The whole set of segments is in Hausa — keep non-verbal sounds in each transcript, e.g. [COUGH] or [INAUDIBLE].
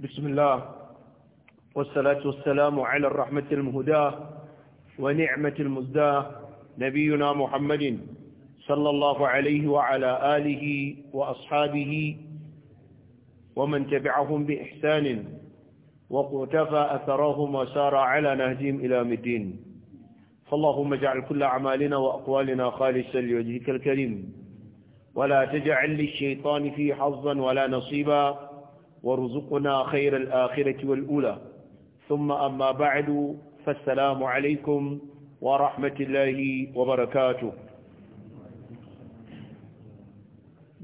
بسم الله والصلاة والسلام على الرحمة المهداة ونعمة المزداة نبينا محمد صلى الله عليه وعلى آله وأصحابه ومن تبعهم بإحسان وقتفى أثرهم وسار على نهجهم إلى مدين فاللهم اجعل كل أعمالنا وأقوالنا خالصا لوجهك الكريم ولا تجعل للشيطان فيه حظا ولا نصيبا وارزقنا خير الآخرة والأولى ثم أما بعد فالسلام عليكم ورحمة الله وبركاته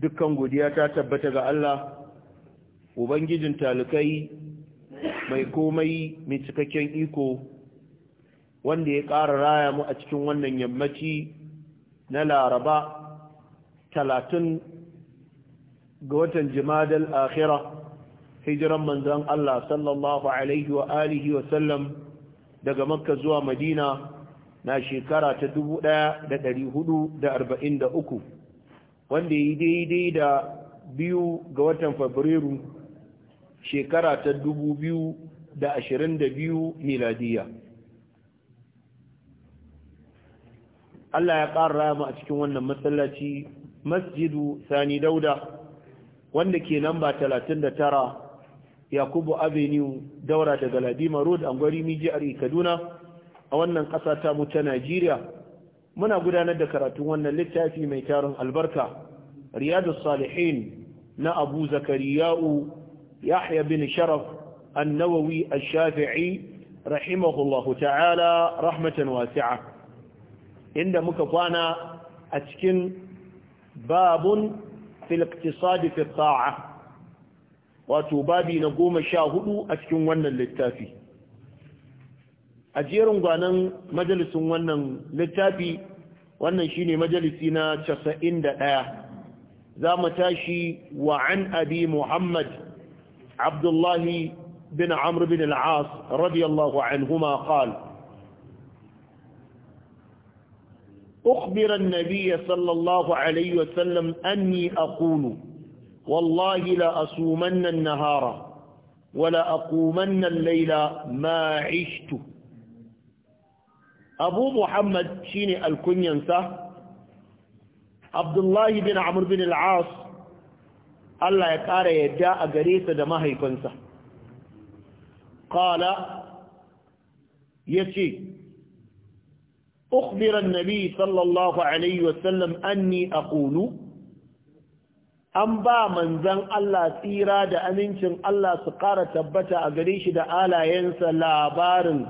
dukkan godiya ta tabbata ga Allah ubangijin talukai mai komai mai cikakken iko wanda ya ƙara raya mu a cikin wannan yammaci na laraba talatin ga watan jimadal akhirah hijiran Manzan Allah sallallahu alaihi wa alihi wa sallam daga makka zuwa madina na shekara ta da hudu arba'in uku, wanda yi daidai da biyu ga watan fabrairu shekara ta 2022 miladiya Allah ya ƙara rama a cikin wannan masallaci masjidu sani dauda wanda ke talatin da tara. yakubu avenue daura daga ladima road angwari mijiyar kaduna a wannan ƙasa ta mu ta najeriya muna gudanar da karatun wannan littafi mai tarin albarka riyadu salihin na abu zakariya'u yahya bin sharaf annawawi ash-shafi'i rahimahullahu ta'ala rahmatan wasi'a inda muka kwana a cikin babun fil iqtisadi fi ta'a wato babi na goma sha hudu a cikin wannan littafi a jerin gwanan majalisun wannan littafi wannan shine majalisi na casa'in da ɗaya za mu tashi wa an abi muhammad abdullahi bin amr bin al'as radiyallahu anhuma qala أخبر النبي صلى الله عليه وسلم أني أقول والله لا أصومن النهار ولا أقومن الليل ما عشت أبو محمد شيني الكنينسة عبد الله بن عمر بن العاص الله يكار يجاء قريسة دماه يكنسة قال يسي أخبر النبي صلى الله عليه وسلم أني أقول an ba manzan Allah tsira da amincin Allah su ƙara tabbata a gare shi da alayensa labarin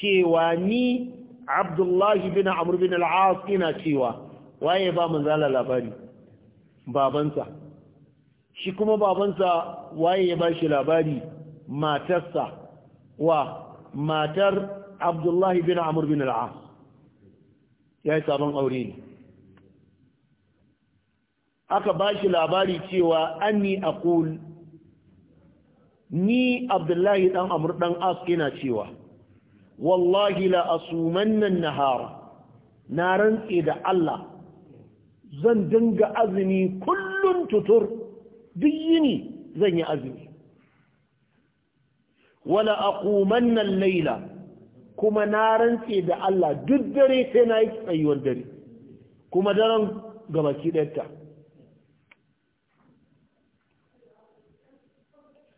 cewa ni abdullahi bin amur bin al'as ina cewa waye ba Allah labari babansa shi kuma babansa waye ya ba shi labari matarsa wa matar abdullahi bin amur bin al'as ya yi sabon aure ne aka ba shi labari cewa anni aqul ni abdullahi Ɗan amr ɗan as ina cewa wallahi la asumanna nahara na rantse da Allah zan dinga azumi kullum tutur duk yini zan yi azumi wala aqumanna al-laila kuma na rantse da Allah duk dare sai na yi tsayuwar dare kuma daren gabaki ɗayarta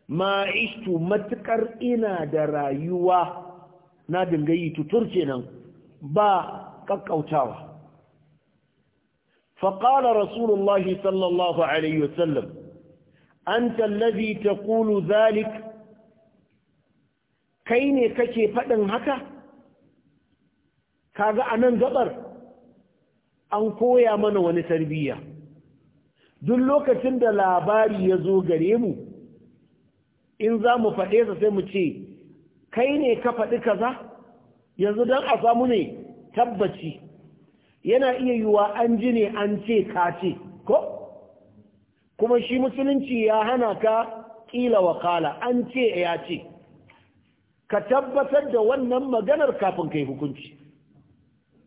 ma'aishu matuƙar ina da rayuwa na dingayi tutur kenan ba ƙaƙƙautawa. faƙala rasulullahi sallallahu alaihi wasallam an tallazi ta kulu zalik kai ne kake faɗin haka? kaga anan nan gabar an koya mana wani tarbiyya duk lokacin da labari ya zo gare mu in za mu faɗe sa sai mu ce kai ne ka faɗi kaza yanzu don a samu ne tabbaci yana iya yiwa an ji ne an ce ka ce ko kuma shi musulunci ya hana ka ƙila wakala an ce ya ce ka tabbatar da wannan maganar kafin kai hukunci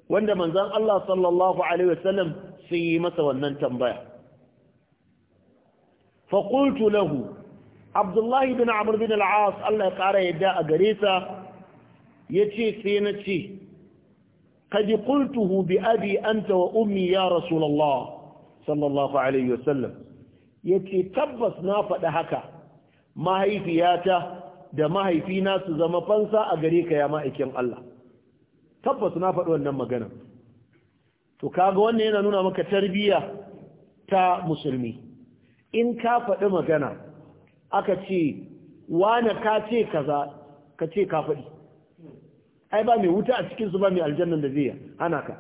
wanda manzan Allah sallallahu Alaihi wasallam sun yi masa wannan tambaya faƙultu lahu abdullahi bin amur bin al'as Allah ya ƙara yadda a gare sa ya ce sai na ce kaji kultuhu bi abi anta wa ummi ya rasulallah sallallahu alaihi wasallam ya ce tabbas na faɗi haka mahaifiyata da mahaifina su zama fansa a gare ka ya ma'aikin Allah tabbas na faɗi wannan magana to kaga wannan yana nuna maka tarbiyya ta musulmi in ka faɗi magana aka ce wane ka ce kaza ka ce ka faɗi ai ba mai wuta a cikinsu ba mai aljannan da zai hana ka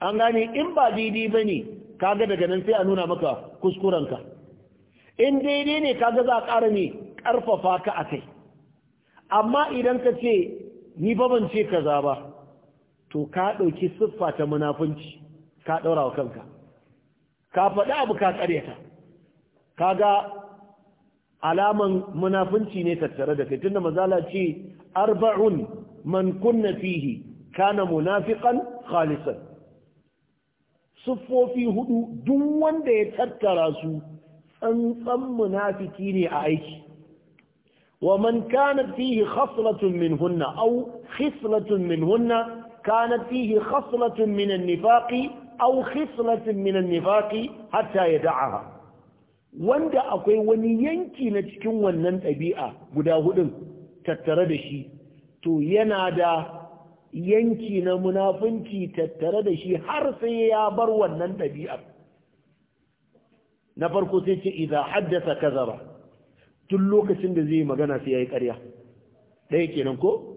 an gane in ba daidai ba ne kaga daga nan sai a nuna maka kuskurenka in daidai ne kaga za a ƙara ne ƙarfafa ka a kai amma idan ka ce ni ba ce kaza ba to ka ɗauki siffa ta munafunci ka ɗaura wa kanka ka faɗi abu ka ƙaryata ga. alaman munafunci ne tattare da kai tunda mazala ce arba'un man kunna fihi kana munafiqan khalisan siffofi hudu duk wanda ya tattara su tsantsan munafiki ne a aiki wa man kana fihi khaslatun minhunna aw khislatun minhunna kana fihi khaslatun min an-nifaqi aw khislatun min an-nifaqi hatta yad'aha wanda akwai wani yanki na cikin wannan ɗabi'a guda hudun tattare da shi to yana da yanki na munafunci tattare da shi har sai ya bar wannan ɗabi'ar na farko sai ce idan haddasa kazaba tun lokacin da zai magana sai ya yi ƙarya ɗaya kenan ko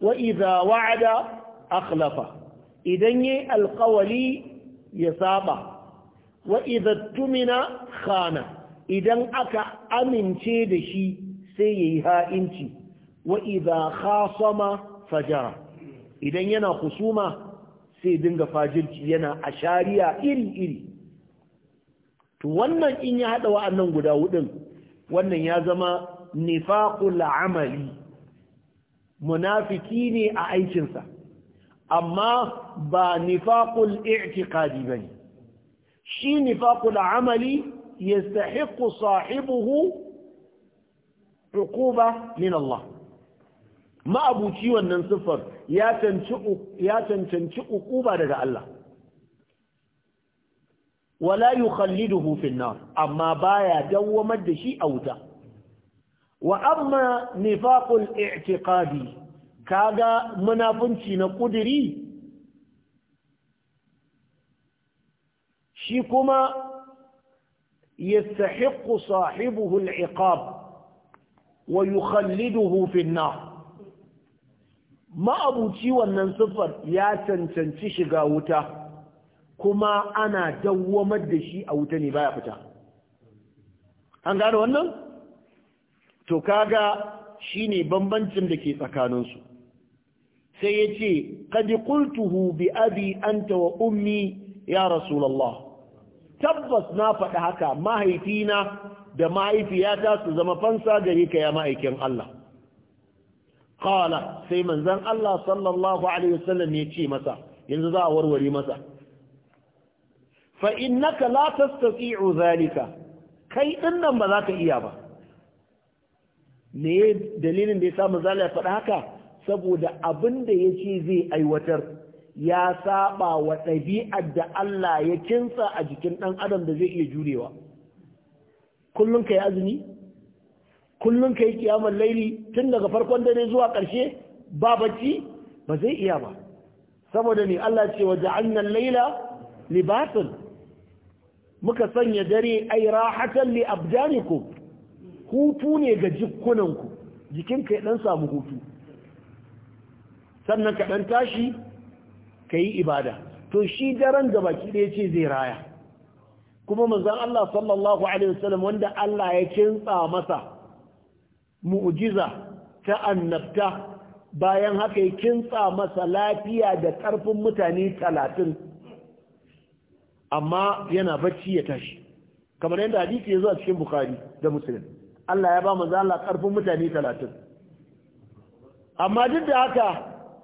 wa idan wa'ada akhlafa idan yayi alƙawali ya saba wa idhattumina khana idan aka amince da shi sai yayi ha'inci wa idha khasama fajara idan yana husuma sai dinga fajirci yana ashariya iri iri to wannan in ya hada wa'annan guda hudun wannan ya zama nifaqul amali munafiki ne a aikinsa amma ba nifaqul i'tiqadi bane shi nifaqul amali yastahiqu sahibuhu uquba min Allah ma'abuci wannan siffar ya cancanci uquba daga Allah wala yukhalliduhu kalli an-nar amma baya dawwamar da shi a wuta wa amma nifaqul i'tiqadi kaga munafunci na ƙudiri. shi kuma yastahiqqu sahibuhu al-iqab wa yukhalliduhu fi an-nar ma'abuci wannan siffar ya cancanci shiga wuta kuma ana dawwamar da shi a wuta ne baya fita an gane wannan to kaga shine bambancin da ke tsakaninsu sai ya ce kadi bi abi anta wa ummi ya rasulallah tabbas na faɗi haka mahaifina da mahaifiyata su zama fansa gare ka ya ma'aikin Allah Kala sai manzan Allah sallallahu alaihi wasallam ya ce masa yanzu za a warware masa fa latas ta tsi’o zalika kai nan ba za ka iya ba me dalilin da ya samu zalaya faɗi haka saboda abin da ya ce zai aiwatar ya saba wa ɗabi'ar da Allah ya kinsa a jikin ɗan adam da zai iya jurewa kullum ka yi azumi kullum ka yi kiyamar laili tun daga farkon dare zuwa ƙarshe ba bacci ba zai iya ba saboda ne Allah ce wa ja'annan laila Libasin, muka sanya dare ai rahatan li abdanikum hutu ne ga jikunanku jikinka ya dan samu hutu sannan ka dan tashi ka yi ibada to shi daren da baki ɗaya ce zai raya kuma mazan Allah sallallahu Alaihi wasallam wanda Allah ya kintsa masa mu'jiza ta annabta bayan haka ya kintsa masa lafiya da ƙarfin mutane talatin amma yana bacci ya tashi kamar yadda hadisi ya zo a cikin bukari da musulun Allah ya ba manzan Allah ƙarfin mutane talatin amma duk da haka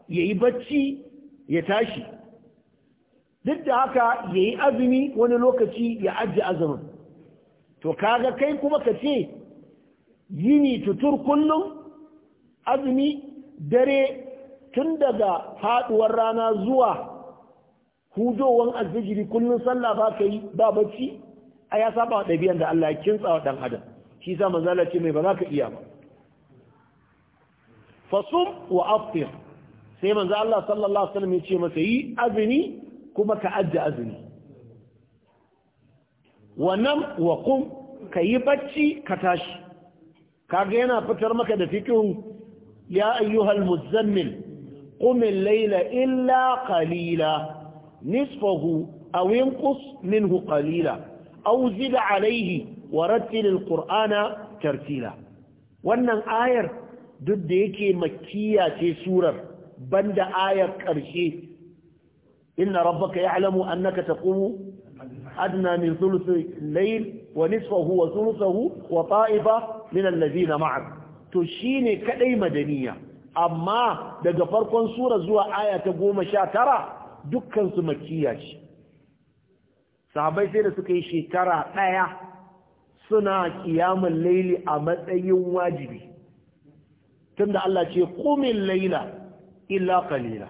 ya yi bacci ya tashi duk da haka ya yi azumi wani lokaci ya ajiye azumin to kaga kai kuma ka ce yini tutur kullum azumi dare tun daga faduwar rana zuwa hudowar azijiri kullum sallah ba ka yi ba bacci a ya saba wa ɗabi'an da Allah ya kintsa wa ɗan adam shi sa manzala ce mai ba za ka iya ba fasum wa aftir sai manzo Allah sallallahu alaihi wasallam ya ce masa yi azumi kuma ka ajja azumi wannan wa qum ka yi bacci ka tashi kaga yana fitar maka da fikihun ya ayyuhal muzammil qum al-layla illa qalila nisfahu aw inqus minhu qalila aw zid alayhi wa rattil al-qur'ana tartila wannan ayar duk da yake makkiya ce surar banda ayar ƙarshe inna rabbaka ya'lamu annaka taqumu adna min thuluthi al-layl wa nisfahu wa thuluthahu wa ta'ifa min alladhina ma'ak to shine kadai madaniya amma daga farkon sura zuwa aya ta 19 dukkan su makkiya ce sahabbai sai da suka yi shekara daya suna kiyamul layli a matsayin wajibi tunda Allah ce qumil layla illa qalila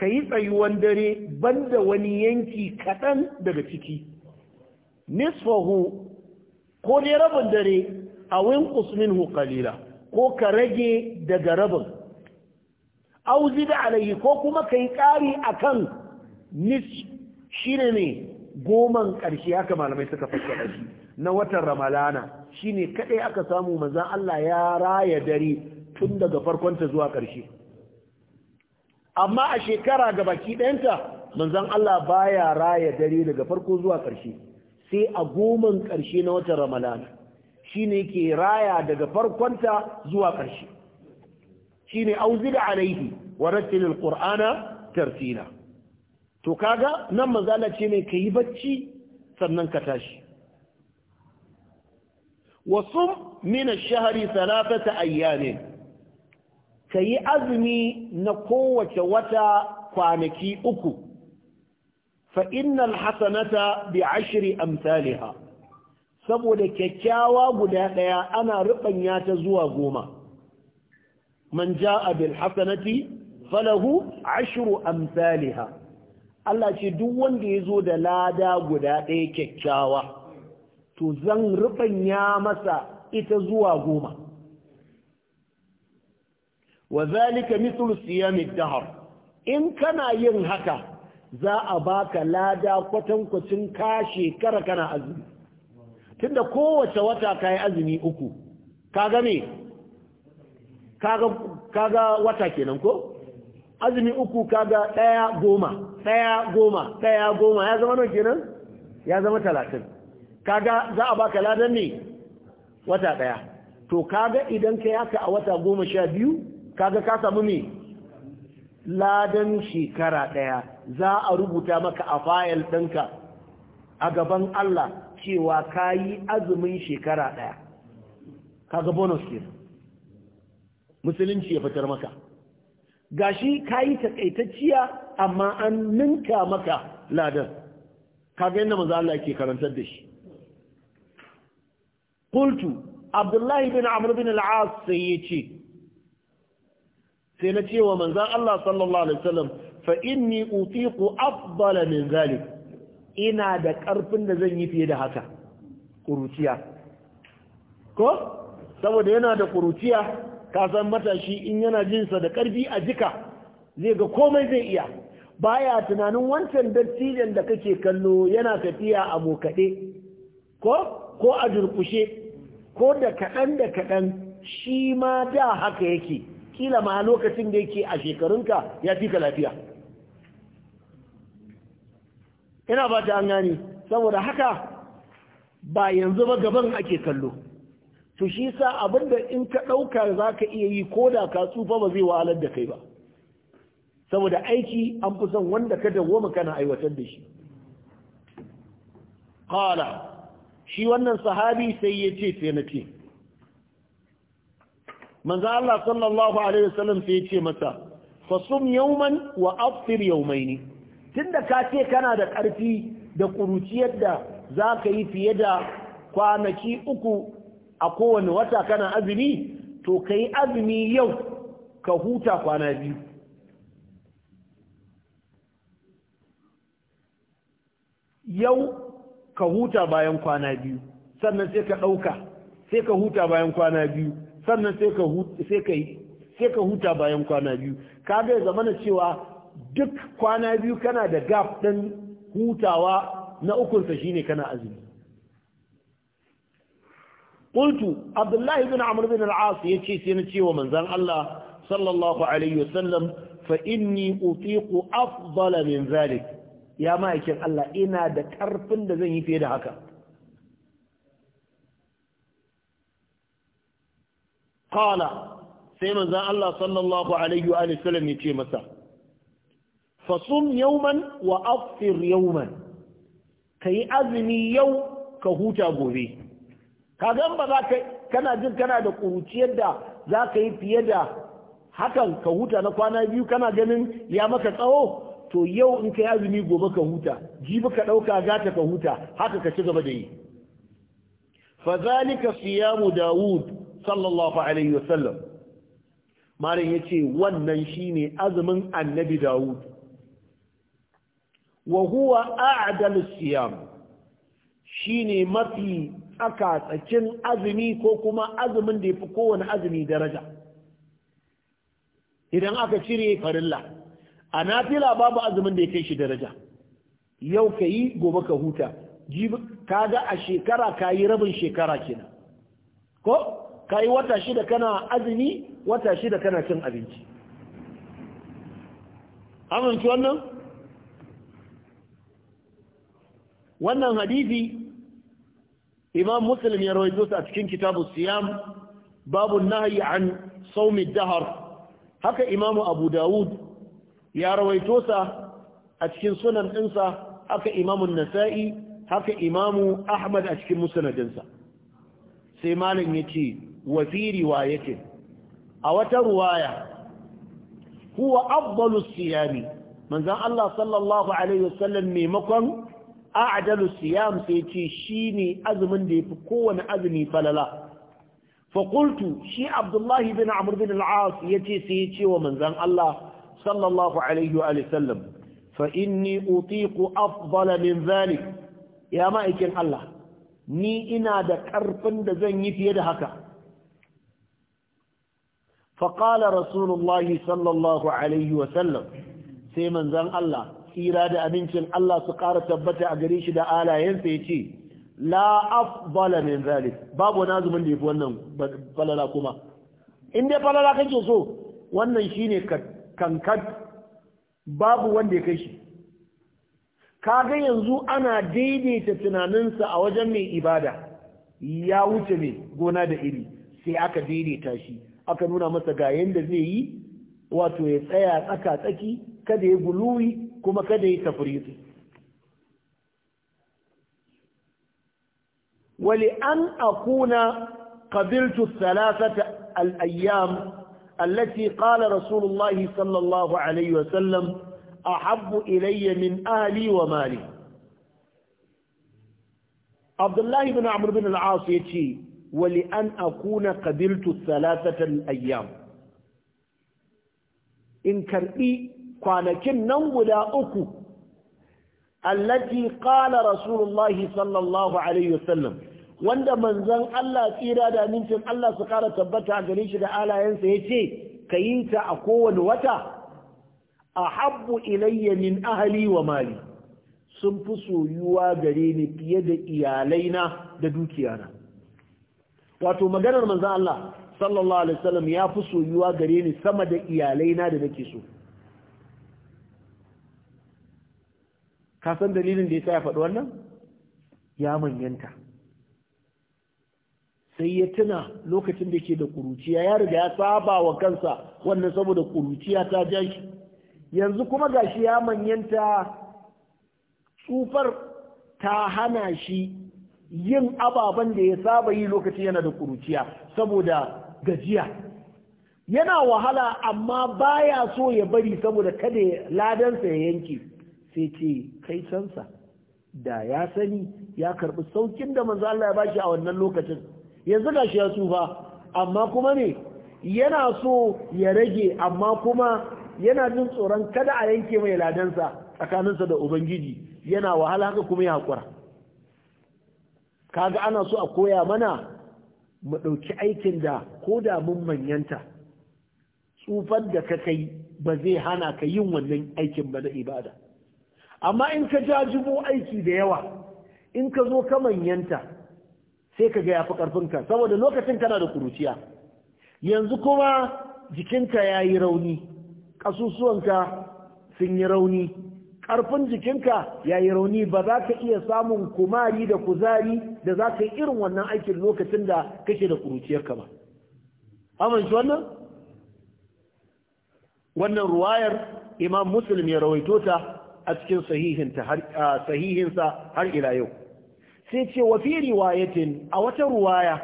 kai tsayuwan dare banda wani yanki kaɗan daga ciki nisfahu ko dai rabin dare a winqus minhu qalila ko ka rage daga rabin au da alai ko kuma kai kari akan nis shine ne goman ƙarshe haka malamai suka fassara shi na watan ramalana shine kaɗai aka samu manzon Allah ya raya dare tun daga farkonta zuwa ƙarshe amma a shekara ga baki ɗayanta manzon Allah baya raya dare daga farko zuwa ƙarshe sai a goman ƙarshe na watan Ramadan shine ke raya daga farkonta zuwa ƙarshe shine auzida alaihi wa rattilil qur'ana tartila to kaga nan manzala ce mai kai bacci sannan ka tashi wasum min ash-shahri thalathata ayyamin ka yi azumi na kowace wata kwanaki uku fa'innan Hassanata hasanata bi ashri amsalha saboda kyakkyawa guda ɗaya ana ruɓanya ta zuwa goma man ja bil hasanati falahu ashru amsalha Allah ce duk wanda ya zo da lada guda ɗaya kyakkyawa to zan ruɓanya masa ita zuwa goma wa zalika mithlu siyamid dahr in kana yin haka za a baka lada kwatankwacin ka shekara kana azumi tunda kowace wata kai azumi uku kaga me kaga kaga wata kenan ko azumi uku kaga daya goma daya goma daya goma ya zama nawa kenan ya zama talatin kaga za a baka ladan ne wata daya to kaga idan ka yaka a wata goma sha biyu kaga ka samu me ladan shekara ɗaya za a rubuta maka a fayil ɗinka a gaban Allah cewa ka yi azumin shekara ɗaya kaga bonus ke musulunci ya fitar maka gashi ka yi takaitacciya amma an ninka maka ladan kaga yadda maza Allah ke karantar da shi Kultu abdullahi bin amr bin al-as sai sai na ce wa manzan Allah sallallahu alaihi wasallam fa inni utiqu afdala min zalik ina da karfin da zan yi fiye da haka Ƙuruciya. ko saboda yana da kuruciya ka san matashi in yana jinsa da karfi a jika zai ga komai zai iya baya tunanin wancan dattijan da kake kallo yana tafiya a bokaɗe. ko ko a durkushe ko da kaɗan da kaɗan shi ma da haka yake kila ma lokacin da yake a shekarunka ya fi ka lafiya ina ba ta an gani saboda haka ba yanzu ba gaban ake kallo to shi sa abinda in ka ɗauka za ka iya yi ko da ka tsufa ba zai wahalar da kai ba saboda aiki an fi son wanda ka dawoma kana aiwatar da shi ƙala shi wannan sahabi sai ya ce sai na ce manzo Allah sallallahu alaihi wasallam sai ya ce masa fasum yawman wa aftir yawmayn tunda ka ce kana da ƙarfi da ƙuruciyar da za ka yi fiye da kwanaki uku a kowane wata kana azumi to ka azumi yau ka huta kwana biyu yau ka huta bayan kwana biyu sannan sai ka ɗauka sai ka huta bayan kwana biyu sannan sai ka huta bayan kwana biyu kaga zama na cewa duk kwana biyu kana da gaf ɗin hutawa na ukunsa shine kana azumi ƙultu abdullahi bin amur bin al’as ya ce sai na cewa manzan Allah sallallahu alaihi wasallam fa inni utiku afdala min zalik ya ma'aikin Allah ina da ƙarfin da zan yi fiye da haka qala sai manzon Allah sallallahu alaihi wa sallam ya ce masa fasum yawman wa afsir yawman kai azumi yau ka huta gobe kagan ba za ka kana jin kana da kuruciyar da za ka yi fiye da hakan ka huta na kwana biyu kana ganin ya maka tsawo to yau in ka yi azumi gobe ka huta jibi ka ɗauka gata ka huta haka ka ci gaba da yi fazalika siyamu dawud sallallahu alaihi wasallam malam yace wannan shine azumin annabi Dawud wa huwa a'dal siyam shine mafi aka tsakin azumi ko kuma azumin da yafi kowane azumi daraja idan aka cire farilla a nafila babu azumin da ya kai shi daraja yau ka yi gobe ka huta ka ga a shekara ka yi rabin shekara kenan ko kai wata shida kana azumi wata shida kana cin abinci amince wannan wannan hadisi imam muslim ya rawaito a cikin kitabu siyam babu nahyi an sawmi dahar haka Imam'u abu dawud ya rawaito sa a cikin sunan ɗinsa haka imam an-nasa'i haka Imam'u ahmad a cikin musnadinsa sai malam yace wa fi riwayatin a wata ruwaya huwa afdalu siyami manzon Allah sallallahu alaihi wasallam maimakon a'dalu siyam sai ce shine azumin da yafi kowane azumi falala fa qultu shi abdullahi ibn Amr ibn al-As yace sai ce wa manzon Allah sallallahu alaihi wa sallam fa inni utiqu afdala min zalik ya maikin Allah ni ina da karfin da zan yi fiye da haka فقال رسول الله صلى الله عليه وسلم sai manzon Allah tsira da abincin Allah su ƙara tabbata a gare shi da alayensa ya ce la afdala min zalik babu wani azumin da yafi wannan falala kuma in dai falala kake so wannan shine kankan babu wanda ya kai shi kaga yanzu ana daidaita tunaninsa a wajen mai ibada ya wuce mai gona da iri sai aka daidaita shi aka nuna masa ga yanda zai yi wato ya tsaya tsaka tsaki kada ya guluwi kuma kada ya tafriti wali an akuna qabiltu thalathata al-ayyam allati qala rasulullah sallallahu صلى wa sallam وسلم ilayya min ahli wa mali abdullah ibn amr ibn al-aas يتي wa an akuna qabiltu salasatan ayyam in karɓi kwanakin nan guda uku allati ƙara rasulullahi sallallahu alaihi wasallam wanda manzon Allah tsira da amincin Allah su kara tabbata gare shi da alayensa yace kayi ta a kowane wata ahabbu ilayya min ahli wa mali sun fi soyuwa gare ni fiye da iyalaina da dukiyana wato maganar manzan Allah sallallahu alaihi wasallam ya fi soyuwa gare ni sama da iyalai na da nake so ka san dalilin da yasa ya faɗi wannan ya manyanta sai ya tuna lokacin da yake da kuruciya ya riga ya saba wa kansa wannan saboda kuruciya ta ja shi yanzu kuma gashi ya manyanta tsufar ta hana shi yin ababen da ya saba yi lokaci yana da kuruciya saboda gajiya yana wahala amma baya so ya bari saboda kada ladansa ya yanke sai ce kai cansa da ya sani ya karbi saukin da manzo Allah ya bashi a wannan lokacin yanzu shi ya tsufa amma kuma ne yana so ya rage amma kuma yana jin tsoron kada a yanke mai ladansa tsakaninsa da ubangiji yana wahala haka kuma ya hakura kaga ana so a koya mana mu ɗauki aikin da ko da mun manyanta tsufar da ka kai ba zai hana ka yin wannan aikin ba na ibada amma in ka jajibo aiki da yawa in ka zo ka manyanta sai ka ga yafi ƙarfinka saboda lokacin kana da kuruciya yanzu kuma jikinka ya yi rauni ƙasusuwanka sun yi rauni ƙarfin jikinka ya yi rauni ba za ka iya samun kumari da kuzari da za ka yi irin wannan aikin lokacin da kake da ƙuruciyarka ba amince wannan wannan ruwayar imam muslim ya rawaito ta a cikin sahihinsa har ila yau sai ce wa fi riwayatin a wata ruwaya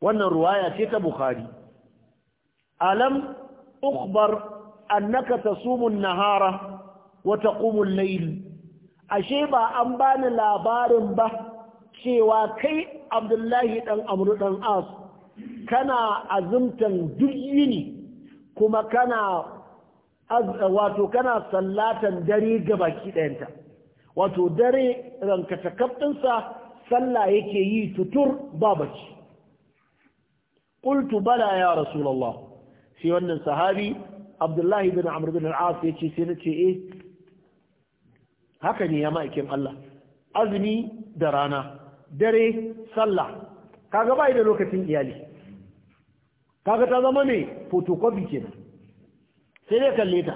wannan ruwaya ce ta bukhari alam ukhbar annaka sumun nahara wata ƙumun laili ashe ba an bani labarin ba cewa kai abdullahi ɗan amru ɗan as kana azumtan duk yini kuma kana wato kana sallatan dare ga baki ɗayanta wato dare rankata kaftinsa sallah yake yi tutur babaci ƙultu bala ya rasulallah sai wannan sahabi abdullahi bin amr bin ya ce sai na ce eh haka ne ya ma'aikin Allah azumi da rana dare sallah kaga bai da lokacin iyali kaga ta zama ne photocopy kenan sai dai kalle ta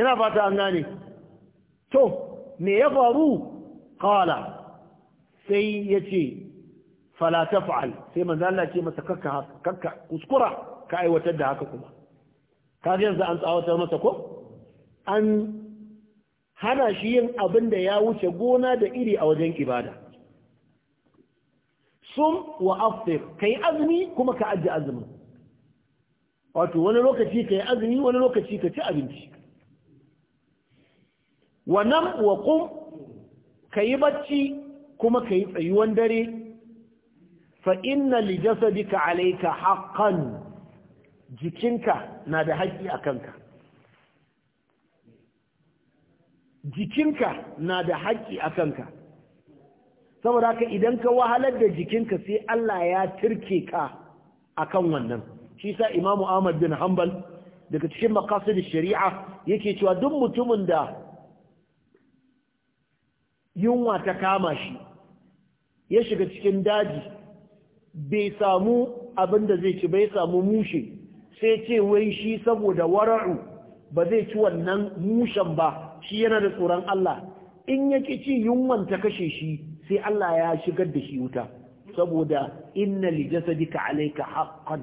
ina fata an gane to me ya faru qala sai yace fala taf'al sai manzo Allah ce masa kakka kakka kuskura ka aiwatar da haka kuma kaga yanzu an tsawatar masa ko an hana shi yin abin da ya wuce gona da iri a wajen ibada sum wa aftir yi azumi kuma ka ajiye azumin wato wani lokaci ka yi azumi wani lokaci ka ci abinci Wannan wa kun ka yi bacci kuma ka yi tsayuwan dare Fa'inna Lijasa, bi ka alaika haƙan jikinka na da haƙƙi a kanka jikinka na da haƙƙi a kanka saboda haka idan ka wahalar da jikinka sai Allah ya turke ka a kan wannan shi sa imamu ahmad bin hanbal daga cikin da shari'a yake cewa duk mutumin da yunwa ta kama shi ya shiga cikin daji bai samu abin da zai ci bai samu mushe sai ce wai shi saboda wara'u ba zai ci wannan mushen ba shi yana da tsoron Allah in yake ci yunwan ta kashe shi sai Allah ya shigar da shi wuta saboda inna li jasadika alayka haqqan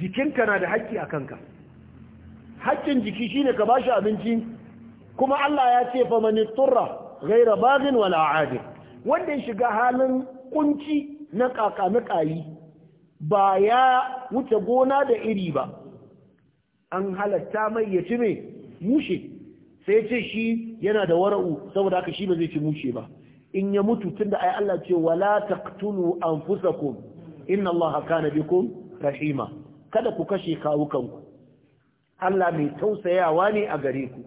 jikinka na da haƙƙi a kanka haƙƙin jiki shine ka bashi abinci kuma Allah ya ce fa man turra ghayra baghin wala aadi wanda ya shiga halin kunci na kaka na ba ya wuce gona da iri ba an halatta mai ya ci me mushe sai ce shi yana da wara'u saboda haka shi ba zai ci mushe ba in ya mutu tunda ai Allah ce wala taqtulu anfusakum inna Allah kana bikum rahima kada ku kashe kawukanku Allah mai tausayawa ne a gare ku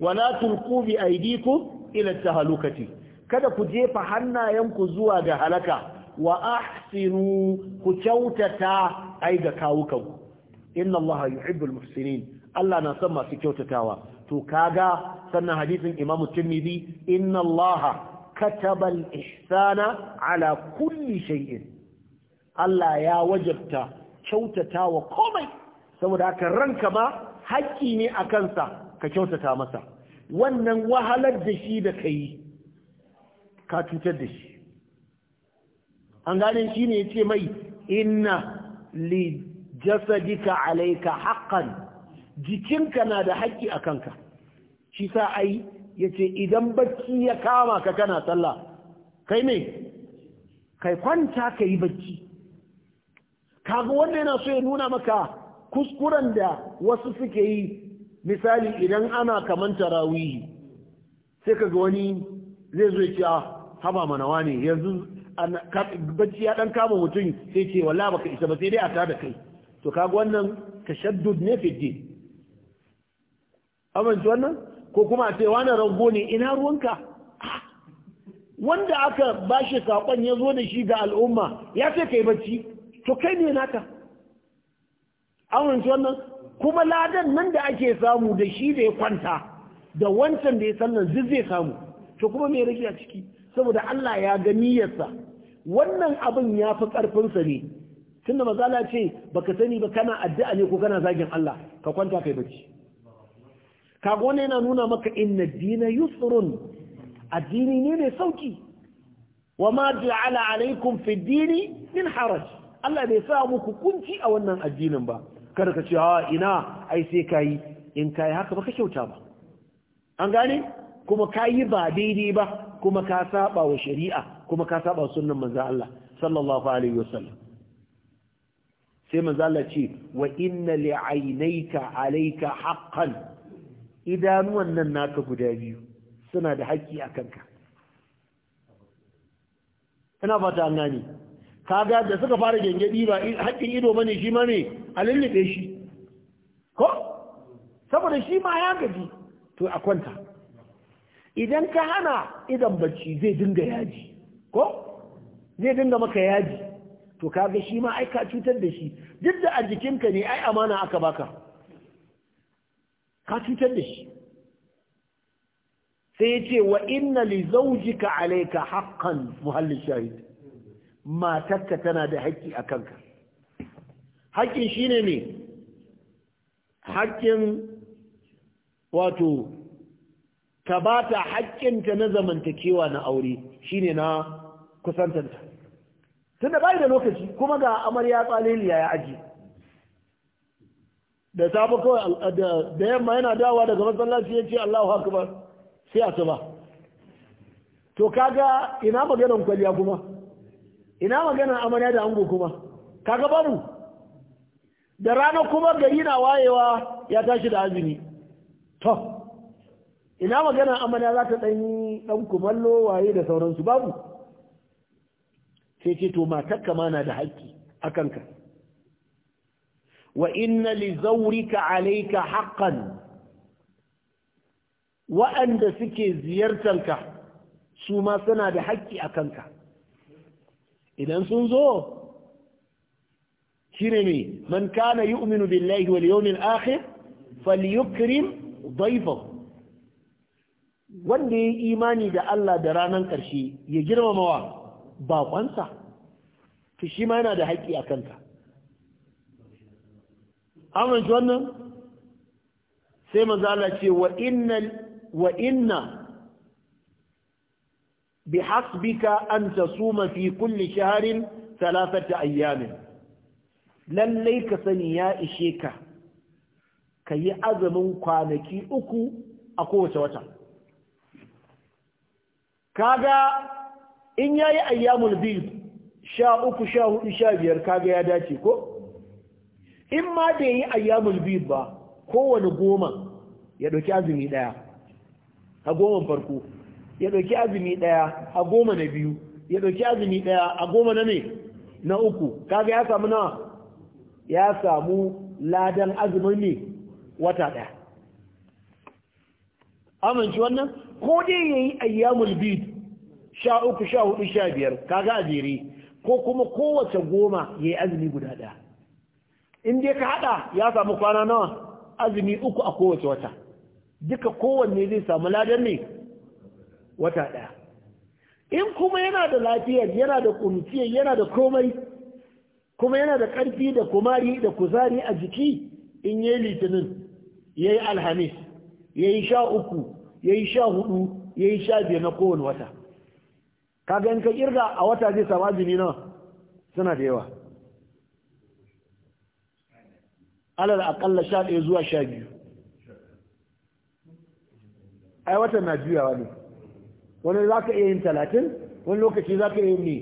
wala tulqu bi aydikum ila tahalukati kada ku jefa hannayenku zuwa ga halaka wa ahsinu ku kyautata ai ga kawukanku inna Allah yuhibbul muhsinin Allah na san masu kyautatawa to kaga sannan hadisin Imam Tirmidhi inna Allah kataba al-ihsana ala kulli shay'in Allah ya wajabta kyautatawa komai saboda haka ranka ba haƙƙi ne a kansa ka kyautata masa wannan wahalar da shi da kai ka cutar da shi an gane shi ne ya ce mai inna li jasadika alaika haqqan jikinka na da haƙƙi a kanka shi sa ai ya ce idan bacci ya kama ka kana sallah kai ne kai kwanta ka yi bacci kaga wanda yana so ya nuna maka kuskuren da wasu suke yi misali idan ana kamanta rawiyi, sai kaga wani zai zo ce ah, haba mana ne? yanzu bacci ya ɗan kama mutum sai ce wala baka isa ba sai dai a da kai to kaga wannan ka tashaddud ne fi amince wannan ko kuma a ce wani rago ne ina ruwanka ah! wanda aka ba shi saƙon ya zo da shi ga al'umma ya ce kai bacci to kai ne naka amince wannan kuma ladan nan da ake samu da shi da ya kwanta da wancan da ya sannan duk zai samu to kuma me rage a ciki saboda Allah ya ga niyyarsa wannan abin ya fi ƙarfinsa ne tunda mazala ce baka sani ba kana addu'a ne ko kana zagin Allah ka kwanta kai bacci kaga wannan yana nuna maka inna dina yusrun addini ne mai sauki wa ma ja'ala alaikum fi dini min haraj Allah bai sa muku kunci a wannan addinin ba kada ka ce ha ina ai sai kai in kai haka baka kyauta ba an gane kuma kai ba daidai ba kuma ka saba wa shari'a kuma ka saba sunnan manzo Allah sallallahu alaihi wasallam sai manzo Allah ce wa inna li'ainaika alayka haqqan idanuwan nan naka guda biyu suna da haƙƙi a kanka ina fata an Ka ga da suka fara gyangyaɗi ba haƙƙin ido ne shi ma ne a lullube shi ko saboda shi ma ya gaji to a kwanta idan ka hana idan bacci zai dinga yaji ko zai dinga maka yaji to kaga shi ma aika cutar da shi duk da a jikinka ne ai amana aka baka ka cutar da shi sai ya ce wa inna li zaujika alayka haqqan muhallin shahid matarka tana da haƙƙi a kanka haƙƙin shine ne haƙƙin wato ta ba ta haƙƙinta na zamantakewa na aure shine na kusantanta tunda bai da lokaci kuma ga amarya tsaliliya ya aji da safe kawai da yamma yana dawa daga masallaci ya ce Allahu akbar sai asuba to kaga ina maganan kwaliya kuma ina maganan amarya da ango kuma kaga babu da rana kuma gari na wayewa ya tashi da azumi to ina maganan amarya za ta ɗan ɗan kumallo waye da sauransu babu sai ce to matakka ma na da haƙƙi a kanka wa inna li zaurika alayka haqqan wa'anda suke ziyartanka su ma suna da haƙƙi a kanka idan sun zo shine ne man kana yu'minu billahi wal yawmil akhir falyukrim dayfahu wanda ya yi imani da Allah da ranar ƙarshe ya girmamawa baƙonsa, to shi ma yana da haƙƙi a kanka. amince wannan sai na ce wa inna wa inna bihasbika an tasuma fi kulli shahrin thalathata ayyamin lallai ka sani ya ishe ka ka yi azumin kwanaki uku a kowace wata kaga in yayi ayyamun bid sha uku sha hudu sha biyar kaga ya dace ko in ma da yi ayyamul bid ba kowane goma ya ɗauki azumi ɗaya a goman farko ya ɗauki azumi ɗaya a goma na biyu ya ɗauki azumi ɗaya a goma na ne na uku kaga ya samu nawa ya samu ladan azumin ne wata ɗaya amince wannan ko dai ya yi ayyamul bid sha uku sha hudu sha biyar kaga a jere ko kuma kowace goma ya yi azumi guda ɗaya in dai ka hada ya samu kwana nawa azumi uku a kowace wata duka kowanne zai samu ladan ne wata daya in kuma yana da lafiya yana da kunciya yana da komai kuma yana da karfi da kumari da kuzari a jiki in yayi litinin yayi alhamis yayi sha uku yayi sha hudu yayi sha biyu na kowane wata kaga in ka kirga a wata zai samu azumi nawa suna da yawa alal akalla sha ɗaya zuwa sha biyu ai watan na juyawa ne wani za ka iya yin talatin wani lokaci za ka iya yin ne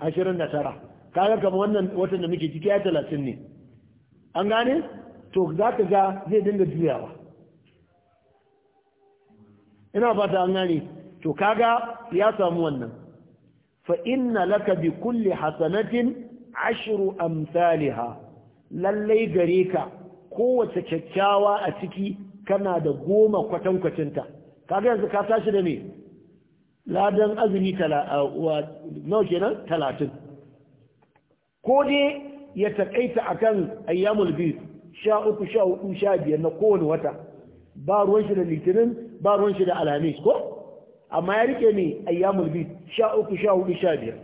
ashirin da tara kaga kama wannan watan da muke ciki ya talatin ne an gane to za ka ga zai dinga juyawa ina fata an gane to kaga ya samu wannan fa inna laka bi kulli hasanatin ashru amsalha lallai gare ka kowace kyakkyawa a ciki kana da goma kwatankwacinta kaga yanzu ka tashi da me ladan azumi nawa kenan talatin ko dai ya taƙaita akan ayyamul biyu sha uku sha hudu sha biyar na kowane wata ba ruwan shi da litinin ba ruwan shi da alhamis ko amma ya rike ne ayyamul biyu sha uku sha hudu sha biyar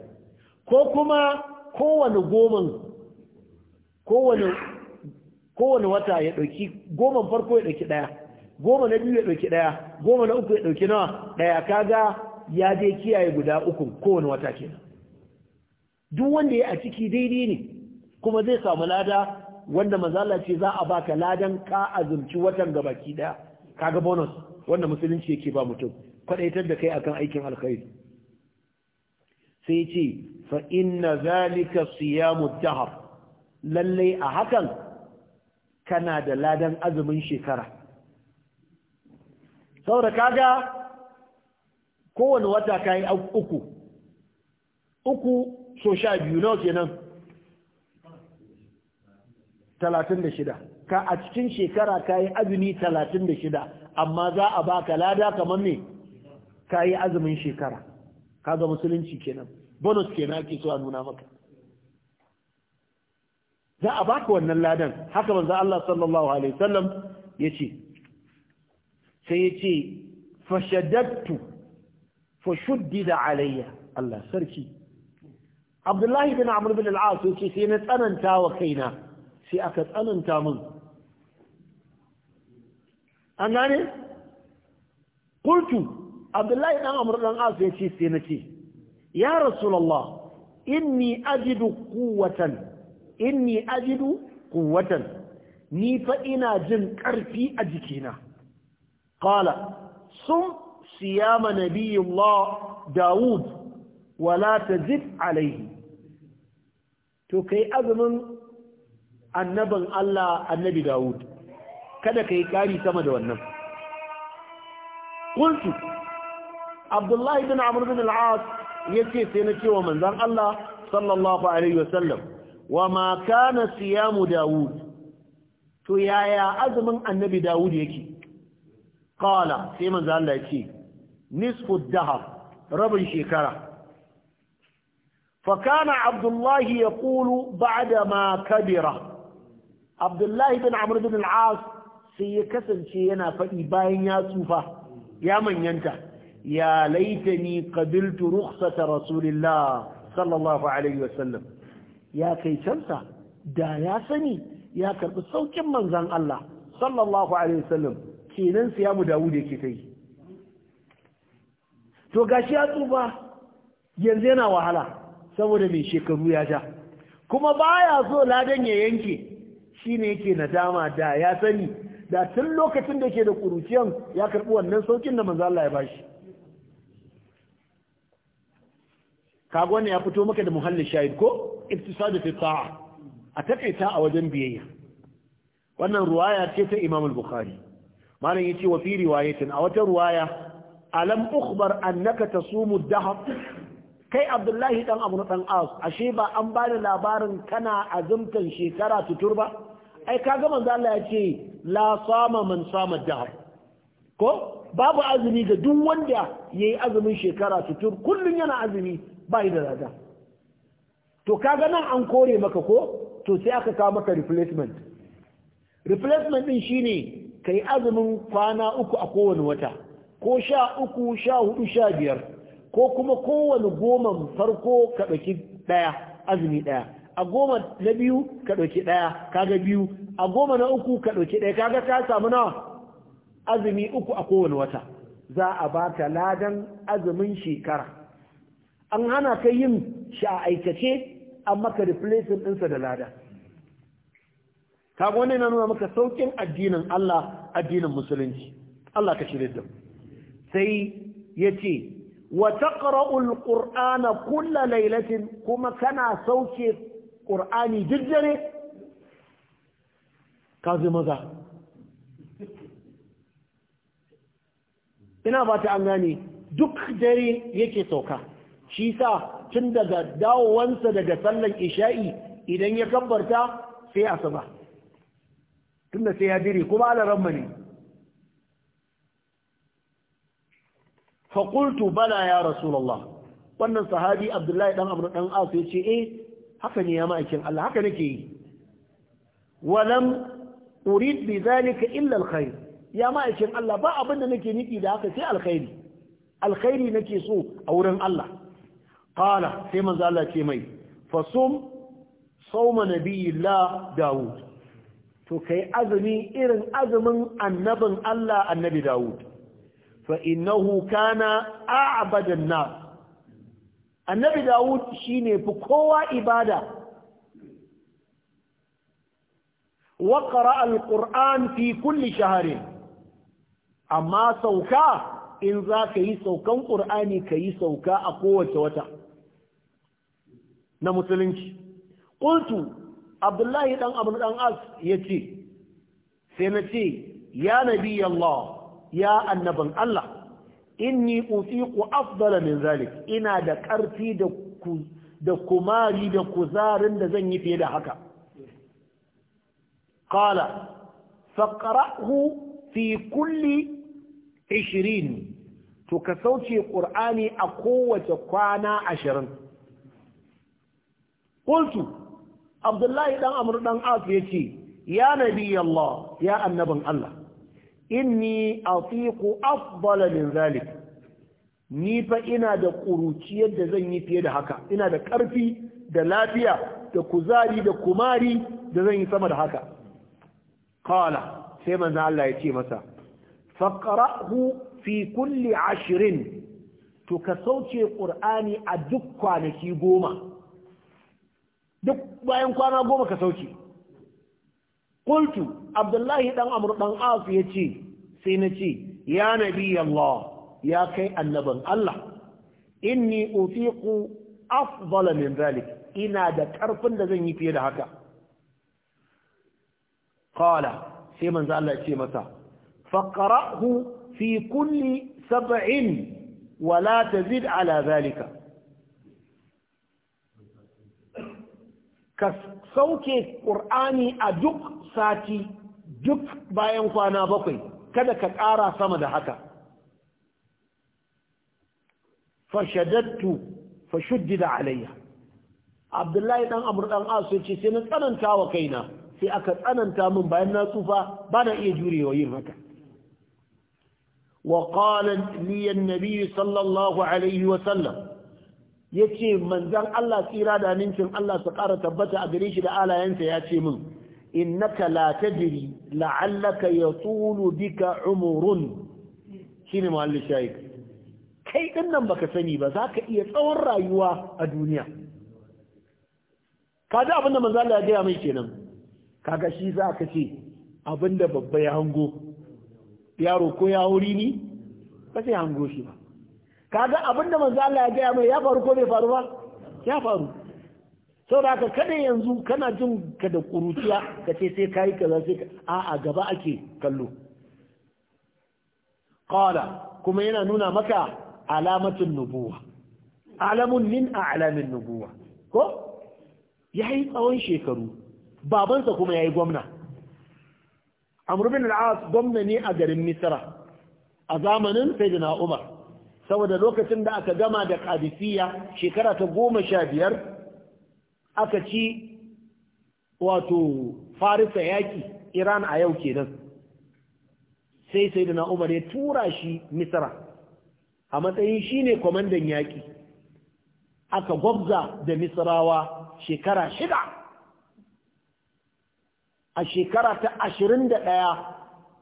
ko kuma kowane goman kowane wata ya ɗauki goma farko ya ɗauki ɗaya goma na biyu ya ɗauki ɗaya goma na uku ya ɗauki nawa ɗaya kaga ya je kiyaye guda uku kowane wata kenan duk wanda ya a ciki daidai ne kuma zai samu lada wanda mazala ce za a baka ladan ka azumci watan gabaki daya kaga bonus wanda musulunci yake ba mutum kwadaitar da kai akan aikin alkhairi sai ce fa inna zalika siyamu dahar lallai a hakan kana da ladan azumin shekara saboda kaga kowane wata kayi uku uku so sha biyu nawa kenan talatin da shida ka a cikin shekara kayi azumi talatin da shida amma za a baka lada kamar ne kayi azumin shekara kaga musulunci kenan bonus kenan ake so a nuna maka za a baka wannan ladan haka manzo Allah sallallahu alaihi wasallam yace sai yace fashadattu fashuddida alayya Allah sarki Abdullahi bin Amr bin al-As yace sai na tsananta wa kaina sai aka tsananta min an gane qultu Abdullahi dan Amr dan As yace sai na ce ya Rasulullah inni ajidu quwwatan inni ajidu quwwatan ni fa ina jin ƙarfi a jikina qala sum siyama nabiyullah daud wala tazid alayhi to kai azumin annaban Allah annabi daud kada kai kari sama da wannan qultu abdullahi ibn amr ibn al-as yace sai na cewa manzon Allah sallallahu alaihi wasallam wa ma kana siyamu Dawud to yaya azumin annabi Dawud yake qala sai manzo Allah yake nisfu dahar rabin shekara Fakana Abdullahi ya yaqulu ba'da ma kabira Abdullah bin Amr ibn sai ya kasance yana faɗi bayan ya tsufa ya manyanta ya laitani qabiltu rukhsata rasulillah sallallahu alaihi wasallam ya kai cansa da ya sani ya karbi saukin manzan Allah sallallahu alaihi wasallam kenan mu Dawud yake kai to gashi ya tsufa yanzu yana wahala saboda mai shekaru ya ja kuma baya so ladan ya yanke shine yake nadama da ya sani da tun lokacin da yake da kuruciyan ya karbi wannan saukin da manzan Allah ya bashi Kago ne ya fito maka da muhallin shahid ko iktisadi fi ta'a a takaita a wajen biyayya wannan ruwaya ce ta Imam al-Bukhari malam yace wa fi riwayatin a wata ruwaya alam ukhbar annaka tasumu ad dahab. kai Abdullahi dan Abu dan As ashe ba an bani labarin kana azumtan shekara tutur ba ai kaga manzo Allah yace la sama man sama ad ko babu azumi ga duk wanda yayi azumin shekara tutur kullun yana azumi bai da lada to kaga nan an kore maka ko to sai aka kawo maka replacement replacement din shine kai azumin kwana uku a kowane wata ko sha uku sha hudu sha biyar ko kuma kowane goma farko ka ɗauki ɗaya azumi ɗaya a goma na biyu ka ɗauki ɗaya kaga biyu a goma na uku ka ɗauki ɗaya kaga ka samu nawa azumi uku a kowane wata za a baka ladan azumin shekara an hana ka yin shi aikace an maka replacing ɗinsa da lada kaga wannan na nuna maka saukin addinin Allah addinin musulunci Allah ka shirye da mu sai yace wa taqra'u al kulla kull laylatin kuma kana sauke qur'ani jijjare kazi maza ina ba ta an gane duk dare yake sauka shi sa tun daga dawowansa daga sallan isha'i idan ya kabbarta sai asuba Tun tunda sai ya dire kuma ala ramma ne fa qultu bala ya rasulullah wannan sahabi abdullahi dan abu dan as yace eh haka ne ya ma'aikin Allah haka nake yi walam urid bi zalika illa alkhair ya ma'aikin Allah ba abin da nake niki da haka sai alkhairi alkhairi nake so a wurin Allah qala sai manzo Allah ce mai fasum sauma nabiyillah daud to kai azumi irin azumin annabin Allah annabi daud fa innahu kana a'badan nas annabi daud shine fi kowa ibada وقرأ القرآن في كل شهر أما سوكا إن ذاك يسوكا sauka a kowace wata. na musulunci qultu abdullahi ɗan abu ɗan as ya ce, sai na ce ya nabi allah ya annabin allah inni ku afdala min zalik ina da ƙarfi da kumari da kuzarin da zan yi fiye da haka qala faqra'hu fi kulli 20 to ka sauce ƙur'ani a kowace kwana ashirin. qultu abdullahi ɗan amr dan as yace ya nabi allah ya annabin allah inni atiqu afdal min zalik ni fa ina da kuruciyar da zan yi fiye da haka ina da ƙarfi, da lafiya da kuzari da kumari da zan yi sama da haka qala sai manzo allah yace masa faqra'hu fi kulli ashirin, to ka sauce ƙurani a duk kwanaki goma duk bayan kwana goma ka sauke qultu abdullahi dan amr dan af yace sai na ce ya nabi allah ya kai annaban allah inni utiqu afdala min zalik ina da karfin da zan yi fiye da haka qala sai manzo Allah ya ce masa faqra'hu fi kulli sab'in wa la tazid ala zalika ka sauke ƙur'ani a duk sati duk bayan kwana bakwai kada ka ƙara sama da haka fashadattu da alayya abdullahi ɗan amur dan asu ce sai na tsananta wa kaina sai aka tsananta min bayan na tsufa ba na iya jurewa yin haka wa qala li sallallahu alaihi wa sallam ya ce manzan Allah tsira da nincin Allah su ƙara tabbata a gare shi da alayensa ya ce min innaka la tajri la'allaka yatulu bika umurun shine muhallin shayi. kai din nan baka sani ba zaka iya tsawon rayuwa a duniya kaji abinda manzo Allah ya gaya mai kenan kaga shi zaka ce abinda babba ya hango yaro ko ya wuri ni ba sai hango shi ba kaga abinda manzo Allah ya gaya mai ya faru ko bai faru ba ya faru saboda haka kada yanzu kana jin ka da kuruciya ka ce sai kai kaza sai ka a'a gaba ake kallo qala kuma yana nuna maka alamatun nubuwa alamun min a'lamin nubuwa ko yayi tsawon shekaru babansa kuma ya yi gwamna Amurbin bin al-as gwamna ne a garin misra a zamanin sayyidina umar saboda lokacin da aka gama da ƙadisiyya shekara ta goma sha biyar aka ci wato farisa yaƙi iran a yau kenan sai sai da umar ya tura shi misra a matsayin shi ne kwamandan yaƙi aka gwabza da misrawa shekara shida a shekara ta ashirin da ɗaya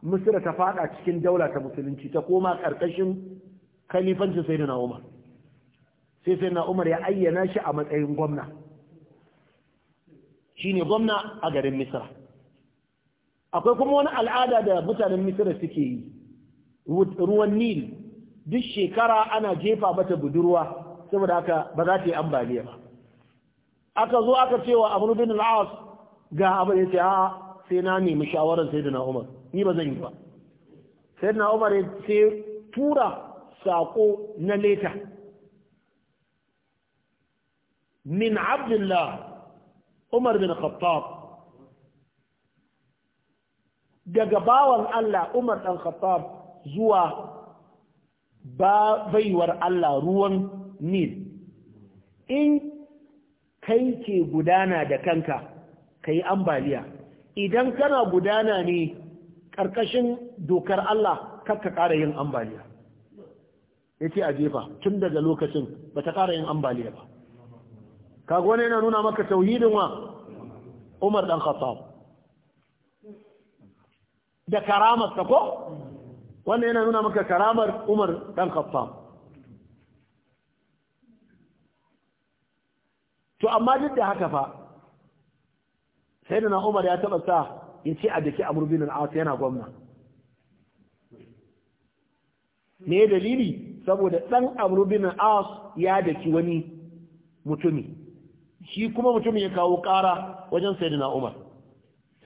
misra ta faɗa cikin daula ta musulunci ta koma ƙarƙashin khalifancin sayyidina Umar sai sayyidina Umar ya ayyana shi a matsayin gwamna shine gwamna a garin Misra akwai kuma wani al'ada da mutanen Misra suke yi ruwan Nil duk shekara ana jefa mata budurwa saboda haka ba za ta yi ambaliya ba aka zo aka cewa abu bin al ga ga ya ce a sai na nemi shawaran sayyidina Umar ni ba zan yi ba sayyidina Umar sai tura saƙo na leta min abdullah umar bin khattab daga bawan Allah umar ɗan khattab zuwa baiwar Allah ruwan nil in kai ke gudana da kanka ka yi ambaliya idan kana gudana ne ƙarƙashin dokar Allah kakka ƙara yin ambaliya yace a jefa tun daga lokacin bata ƙara yin ambaliya ba kaga wani yana nuna maka tauhidin wa Umar dan Khattab da karamar ta ko wannan yana nuna maka karamar Umar dan Khattab to amma duk da haka fa sai da na Umar ya taba sa ya ce a jiki Amr bin yana gwamna me dalili saboda ɗan amru bin as ya daki wani mutumi shi kuma mutumin ya kawo ƙara wajen sayyidina umar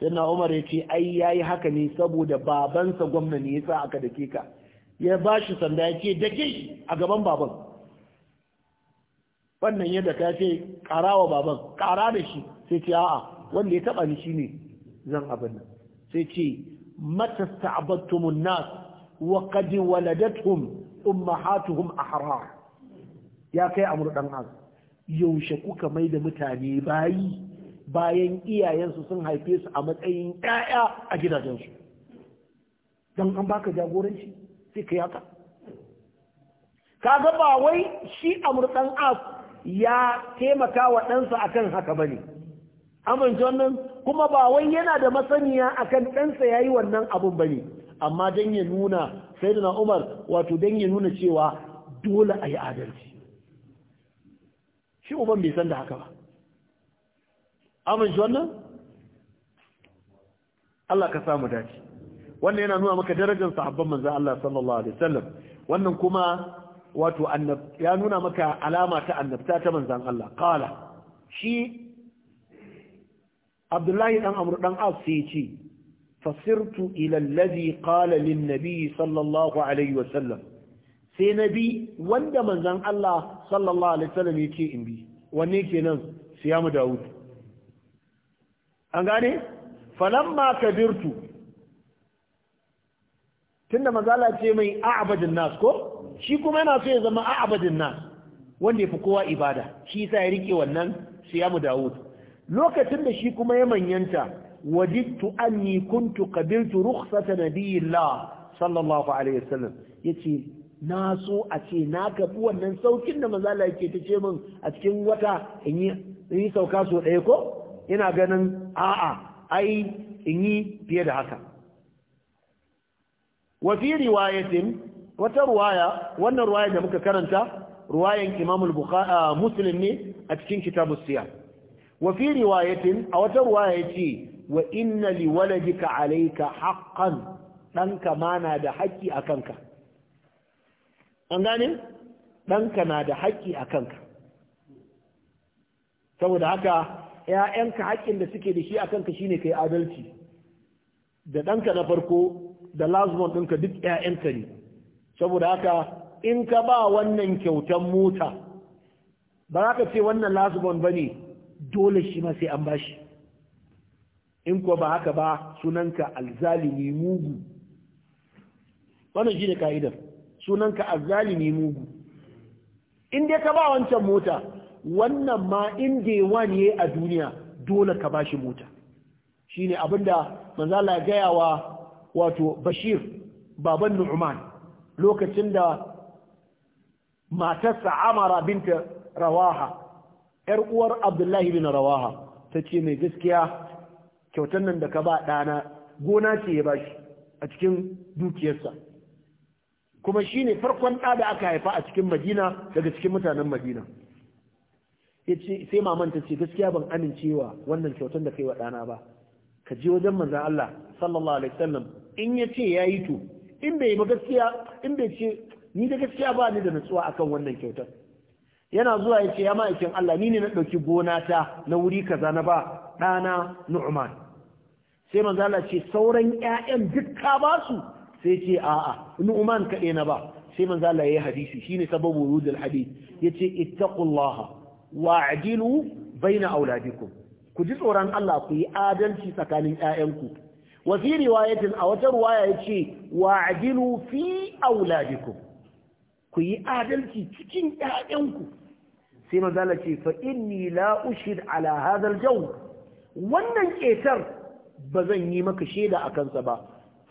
sayyidina umar ya ce ai yi haka ne saboda babansa gwamna ne sa aka dake ka ya bashi sanda ya ce dake shi a gaban baban wannan yadda ka ce ƙara wa baban ƙara da shi sai ce a'a wanda ya taɓa ni shi ne zan abin nan sai ce mata sta'abattumun nasu wa qad waladatuhum ummahatuhum ahrar ya kai amru dan az yaushe kuka mai da mutane bayi bayan iyayensu sun haife su a matsayin ƴaƴa a gidajensu don an baka jagoranci sai ka yaka kaga ba wai shi amru dan as ya taimaka wa ɗansa akan haka bane amince wannan kuma ba wai yana da masaniya akan ɗansa yayi wannan abun bane amma don yi nuna sayyidina Umar wato don yi nuna cewa dole a yi adalci shi uban bai san da haka ba amince wannan Allah ka samu dace wannan yana nuna maka darajar sahabban manzan Allah sallallahu alaihi wasallam wannan kuma wato annab ya nuna maka alama ta annabta ta manzan Allah Kawala, shi Abdullahi dan amur dan As sai ce fasirtu ilallazi alladhi qala sallallahu alaihi wasallam sai nabi wanda manzon Allah sallallahu alaihi wasallam yake in bi wanne kenan siyamu daud an gane falamma kabirtu tunda mazala ce mai a'badin nas ko shi kuma yana so ya zama a'badin nas wanda yafi kowa ibada shi yasa ya rike wannan siyamu daud lokacin da shi kuma ya manyanta wajidtu anni kuntu qabiltu rukhsata nabiyillah sallallahu alaihi wasallam yace na so a ce na kafi wannan saukin da manzo Allah yake ta ce min a cikin wata in yi sauka so ɗaya ko ina ganin a'a ai in yi fiye da haka wa fi riwayatin wata ruwaya wannan ruwaya da muka karanta ruwayan Imam al-Bukhari Muslim ne a cikin kitabus siyar wa fi riwayatin a wata ruwaya yace wa inna li waladika alayka haqqan ɗanka ma na da haƙƙi a kanka an gane ɗanka na da haƙƙi a kanka saboda haka ‘ya'yanka haƙƙin da suke da shi a kanka shine kai adalci da ɗanka na farko da lasman ɗinka duk ‘ya'yanka ne saboda haka in ka ba wannan kyautan mota ba za ka ce wannan lasman ba ne dole shi ma sai an ba shi. in kuwa ba haka ba sunanka alzalimi mugu wannan shine ka'idar sunanka alzalimi mugu in dai ka ba wancan mota wannan ma in dai wani a duniya dole ka ba shi mota Shi shine abinda manzala gaya wa wato bashir baban nu'man lokacin da matarsa amara binta rawaha ‘yar uwar abdullahi bin rawaha ta ce mai gaskiya kyautan nan da ka ba ɗana gona ce ya bashi a cikin dukiyarsa kuma shi ne farkon ɗa da aka haifa a cikin madina daga cikin mutanen madina sai maman ta ce gaskiya ban amincewa wannan kyautan da kai wa ɗana ba ka je wajen manzan Allah sallallahu alaihi wasallam in ya ce ya yi to in bai ba gaskiya in bai ce ni da gaskiya ba ni da natsuwa akan wannan kyautar yana zuwa ya ce ya ma'aikin Allah ni ne na ɗauki gona ta na wuri kaza na ba ɗana Nu'man sai manzo Allah ce sauran ƴaƴan dukka ba su sai ce a'a Nu'man kaɗai na ba sai manzo Allah yayi hadisi shine sababu wurudul hadith yace ittaqullaha wa'dilu baina auladikum ku ji tsoron Allah ku yi adalci tsakanin ƴaƴanku wa fi riwayatin a wata riwaya yace wa'dilu fi auladikum ku yi adalci cikin ƴaƴanku sai manzo Allah ce fa inni la ushid ala hadha al wannan ƙetar ba zan yi maka shaida a kansa ba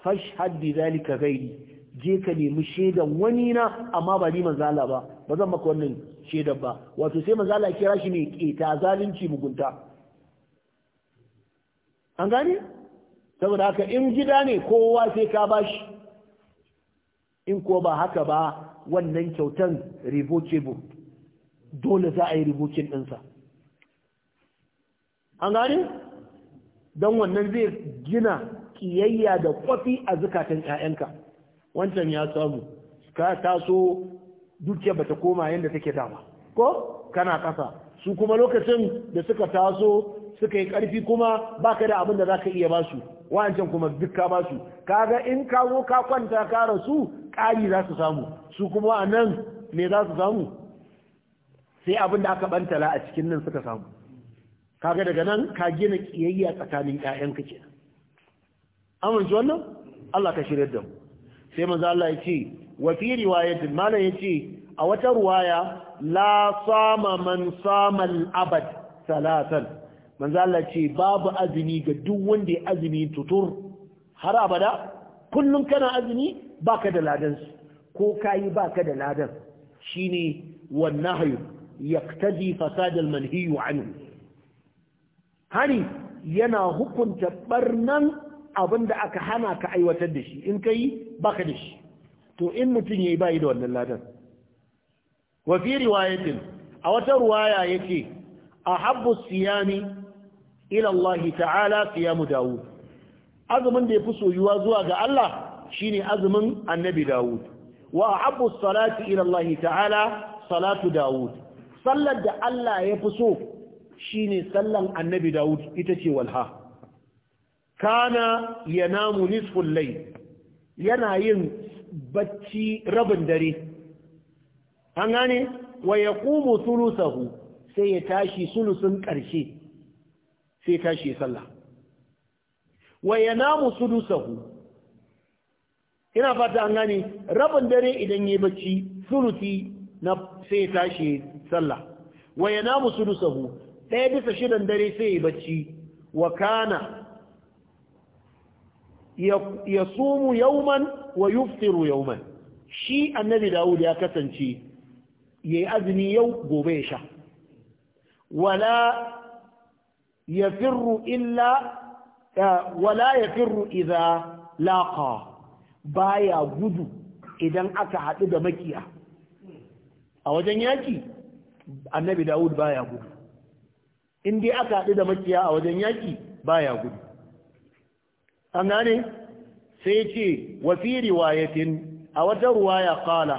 fash haddi zalika gairi je ka nemi shaidan wani na amma ba ni manzala ba ba zan maka wannan shaidan ba wato sai manzala kira shi ne keta zalunci mugunta an gane saboda haka in gida ne kowa sai ka bashi in ko ba haka ba wannan kyautan revocable dole za a yi revocin ɗinsa an gane don wannan zai gina kiyayya da kwafi a zukatan 'ya'yanka wancan ya samu ka taso dukiya bata koma yadda take dama ko kana kasa. su kuma lokacin da suka taso suka yi ƙarfi kuma baka da abin da zaka iya basu wancan kuma basu. ka basu kaga in ka zo ka kwanta ka rasu ƙari za su samu su kuma a nan me za su samu sai abin da aka bantala a cikin nan suka samu kaga daga nan ka gina kiyayya tsakanin ka kenan ji wannan Allah ka shirye da mu sai manzo Allah ya ce wa fi riwayatin malam ya ce a wata ruwaya la sama man sama al-abad salatan manzo Allah ce babu azumi ga duk wanda ya azumi tutur har abada kullun kana azumi baka da ladan ko kayi baka da ladan shine wannan hayu yaktaji fasad al-manhi anhu hani yana hukunta barnan abin da aka hana ka aiwatar da shi in kai baka da shi to in mutum yayi bai da wannan ladan wa fi riwayatin a wata ruwaya yake ahabbu siyami ila ta'ala siyamu Dawud azumin da fi soyuwa zuwa ga Allah shine azumin Annabi Dawud wa ahabbu salati ila Allah ta'ala salatu Dawud sallar da Allah ya fi so shine sallan annabi Dawud ita ce walha kana yanamu nisful lai. yana yin bacci rabin dare an gane wa yaqumu thuluthahu sai ya tashi sulusun karshe sai tashi sallah wa yanamu sulusahu ina fata an gane rabin dare idan yayi bacci sulusi na sai ya tashi sallah wa yanamu sulusahu ɗaya bisa shidan dare sai ya bacci wa kana ya sumu yauman wa yuftiru yauman shi annabi dawud ya kasance ya yi azumi yau gobe ya sha wala ya firru illa eh, wala ya firru iza laqa baya gudu idan aka haɗu da makiya a wajen yaki annabi dawud baya gudu in dai aka haɗu da makiya a wajen yaƙi baya gudu an gane sai ce wa fi riwayatin a wata ruwaya ƙala.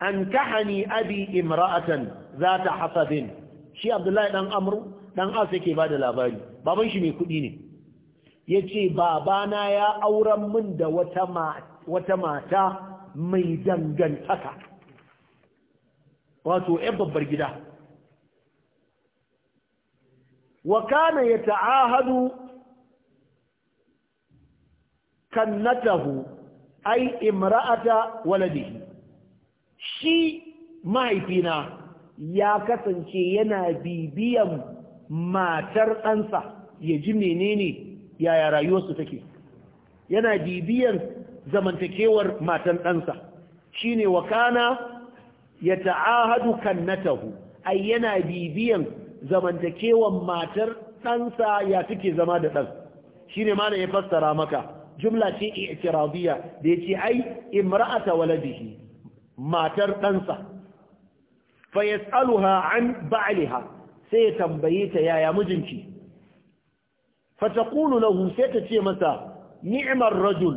an kahani abi imra'atan zata hasabin shi abdullahi ɗan ɗan asa ke yake da labari baban shi mai kuɗi ne Ya yace babana ya auren min da wata mata mai dangantaka wato 'yan babbar gida wa kana yata'ahadu kannatahu ai imra'ata waladihi shi mahaifina ya kasance yana bibiyan matar ɗansa ya ji menene yaya rayuwarsu take yana bibiyan zamantakewar matan ɗansa ne wakana ya ta'ahadu kannatahu ai yana bibiyan zamantakewan matar ɗansa ya take zama da ɗan shi ne mana ya fassara maka jumla ce i'tiradiyya da ya ce ai imra'ata waladihi matar ɗansa fa yas'aluha an ba'aliha sai ya tambaye ta yaya mijinki fa taqulu na sai ta ce masa ni'imar rajul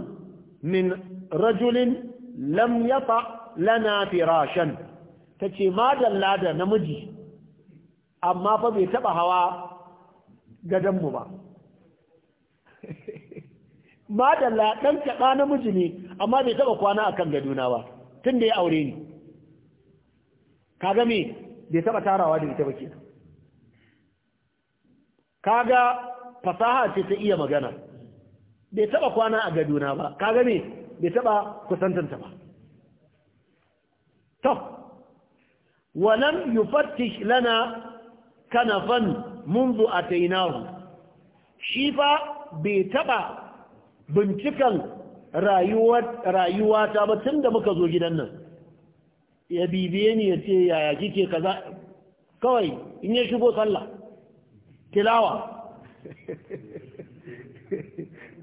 min rajulin lam yata lana firashan tace madalla da namiji amma fa bai taba hawa gadonmu ba [LAUGHS] madalla ɗan kaɗa namiji ne amma bai taba kwana akan gadona ba tun da ya aure ni kaga me bai taba tarawa da ita ba ke kaga fasaha ce ta iya magana bai taba kwana a gadona ba kaga me bai taba kusantanta ba to walam yufattish lana kanafan mundu tainahu shi fa bai taba bincikan rayuwa ta ba tun da muka zo gidan nan ya bibiye ni ya ce yaya kike kaza kawai in ya shigo sallah tilawa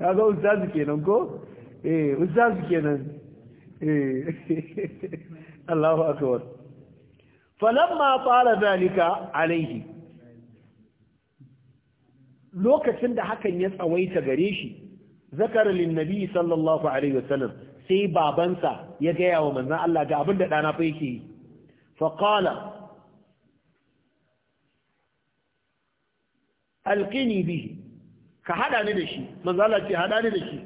ya [LAUGHS] ga ustazu kenan ko? eh su kenan eh [LAUGHS] Allahu akbar falamma fara zalika alaihi lokacin da hakan ya tsawaita gare shi zakar linnabi sallallahu alaihi wasallam sai babansa ya gaya wa manzon Allah ga abin da dana fa yake yi fa qala alqini bihi ka hada ni da shi manzon Allah ce hada ni da shi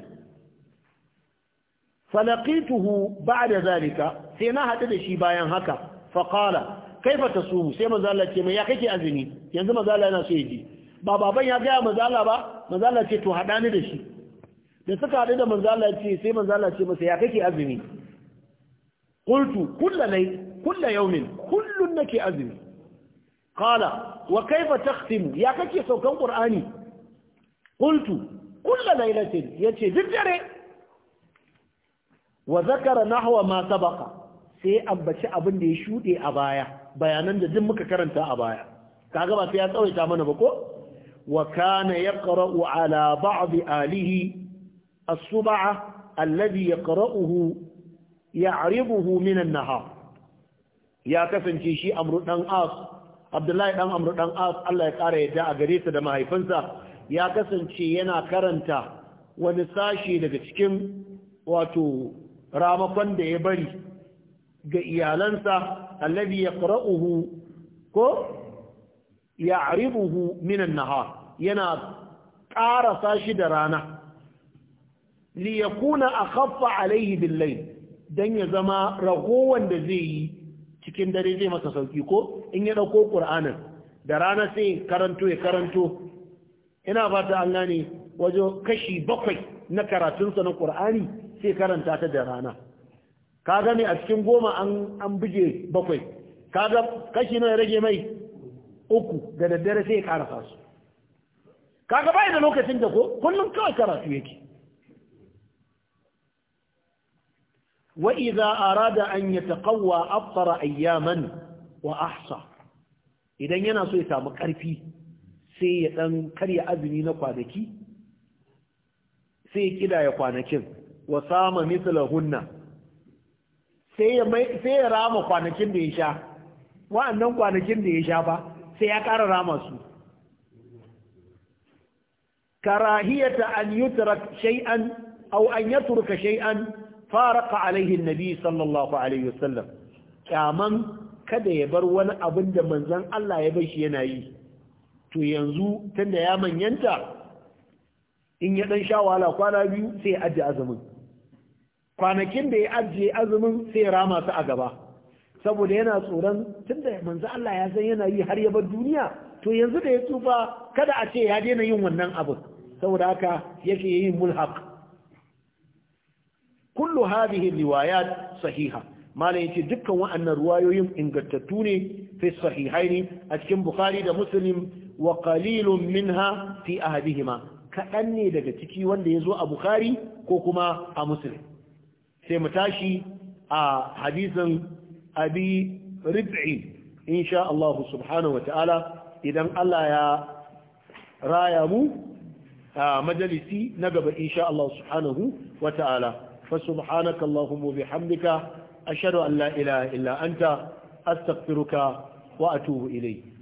falaqituhu ba'da zalika sai na hadu da shi bayan haka fa qala kaifa tasumu sai manzon Allah ce mai ya kake azumi yanzu manzon Allah yana so ya ji ba baban ya gaya manzala ba manzala ce to haɗa ni da shi da suka haɗu da manzala ce sai manzala ce masa ya kake azumi qultu kullu lay kullu yawmin kullun nake azumi qala wa kaifa takhtim ya kake saukan qur'ani qultu kullu laylatin yace duk dare wa zakara nahwa ma sabaqa sai ambaci abin da ya shude a baya bayanan da duk muka karanta a baya kaga ba sai ya tsawaita mana ba ko وكان يقرأ على بعض آله الصبع الذي يقرأه يعرضه من النهار ya kasance shi amru dan as abdullahi dan amru ɗan as Allah ya kare ya da a gare da mahaifinsa ya kasance yana karanta wani sashe daga cikin wato ramakon da ya bari ga iyalansa alladhi yaqra'uhu ko ya'ribuhu buhu minan nahar yana ƙarasa shi da rana Liyakuna a kafa alayhi bil don dan ya zama ragowan da zai yi cikin dare zai masa sauki ko in ya dauko Kur'anin, da rana sai karanto ya karanto ina fata an gane waje kashi bakwai na karatunsa na ƙur'ani sai karanta ta da rana ka gane a cikin goma an buje bakwai ka ga kashi na rage mai uku da daddare sai ya karasa su kaga bai da lokacin da ko kullum kawai karatu yake wa idza arada an yataqawa afṭara ayyaman wa ahsa idan yana so ya samu karfi sai ya dan karya azumi na kwanaki sai ya kidaya kwanakin wa sama mithlahunna sai ya sai ya rama kwanakin da ya sha wa'annan kwanakin da ya sha ba sai ya ƙara rama su karahiyata an shai'an, shay'an aw an yatruka shay'an faraka alaihi nabi sallallahu alaihi wasallam Ƙyaman kada ya bar wani abin da manzon Allah ya bai shi yana yi to yanzu tunda ya manyanta in ya ɗan sha wala kwana biyu sai ya ajiye azumin kwanakin da ya ajiye azumin sai ya rama su a gaba saboda yana tsoron tunda manzo Allah ya san yana yi har ya bar duniya to yanzu da ya tsufa kada a ce ya daina yin wannan abu saboda haka yake yin mulhaq kullu hadhihi riwayat sahiha malai yace dukkan wa'annan ruwayoyin ingantattu ne fi sahihaini a cikin bukhari da muslim wa qalilun minha fi ahadihima kadan ne daga ciki wanda yazo a bukhari ko kuma a muslim sai mu tashi a hadisin abi rib'i insha Allah subhanahu wataala idan Allah ya raya mu a majalisi na gaba insha Allah subhanahu wataala fa subhanaka allahumma bihamdika ashhadu an la ilaha illa anta astaghfiruka wa atubu ilayk